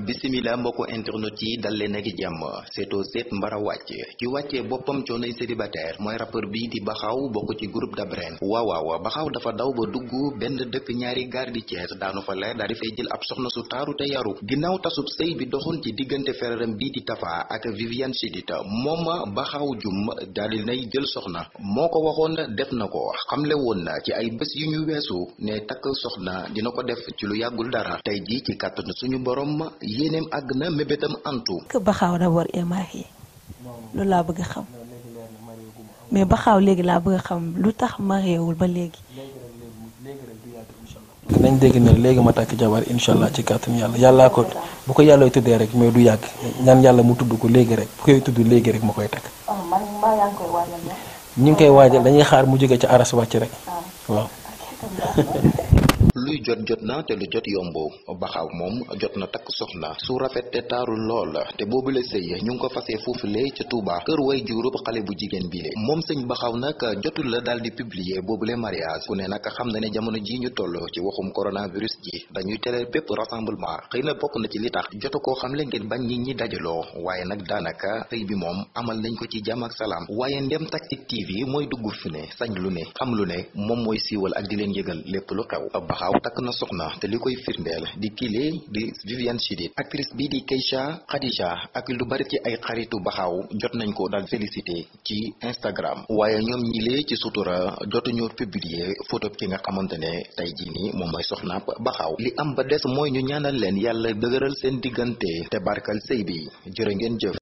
bisimila mbokku internet yi dal leen ak jàmm seetoo seet mbara wàcc ci wàccee boppam coonoy célibataire mooy rappeur bi di baxaw bokk ci groupe Dabren waaw waaw baxaw dafa daw ba dugg benn dëkk ñaari gaar di Thiès daanu fa leer daal di fay jël ab soxna su taaru te yaru ginnaaw tasub sëy bi doxoon ci diggante feraram bii di Tafa ak Viviane Chidita mooma baxaw jum daal di nay jël soxna moo ko waxoon def na ko xamle woon na ci ay bés yu ñu weesu ne takk soxna dina ko def ci lu yàggul dara tey ji ci kàttanu suñu borom yéeneem àgg na mébétam antu. baxaaw na war émaax yi loolu laa bëgg a xam mais baxaaw léegi laa bëgg xam lu tax mariéwul ba léegi. nañ dégg ne léegi ma tàkk jabar incha allah ci kàttan yàlla yàllaa ko bu ko yàlla tuddee rek mais du yàgg ñaan yàlla mu tudd ko léegi rek bu koy tudd léegi rek ma koy takk. ñu ngi koy waajal dañuy xaar mu jóge ci aras wàcc rek ah. waaw. luy jot jot na te lu jot yombo baxaw moom jot na takk soxna su rafet te taaru lool la te boobu la sëy ñu ngi ko foofu foofule ca tuubaa kër way juurub xale bu jigéen bile moom sëñ baxaw nag jotul la dal di publier boobule mariage ku ne nag xam na ne jamono ji ñu toll ci waxum coronavirus ji dañuy tere bépp rassemblement xëy na bokk na ci li tax jotu koo xam le ngeen bañ ni ñi dajaloo waaye nag daanaka sëy bi moom amal nañ ko ci jàmm ak salaam waaye ndem Tactic TV mooy dugg fi ne sañ lu ne xam lu ne moom mooy siiwal ak di leen yëgal lépp lu xew taxaw takk na soxna te li koy firndeel di kile di Viviane Chidid actrice bi di Keisha Khadija ak lu bari ci ay xaritu baxaw jot nañ ko daal félicité ci Instagram waaye ñoom ñilee ci sutura jotuñu publier photo ki nga xamante ne tey jii nii moom mooy soxnaab baxaw li am ba des mooy ñu ñaanal leen yàlla dëgëral seen diggante te barkal sëy bi jërë ngeen jëf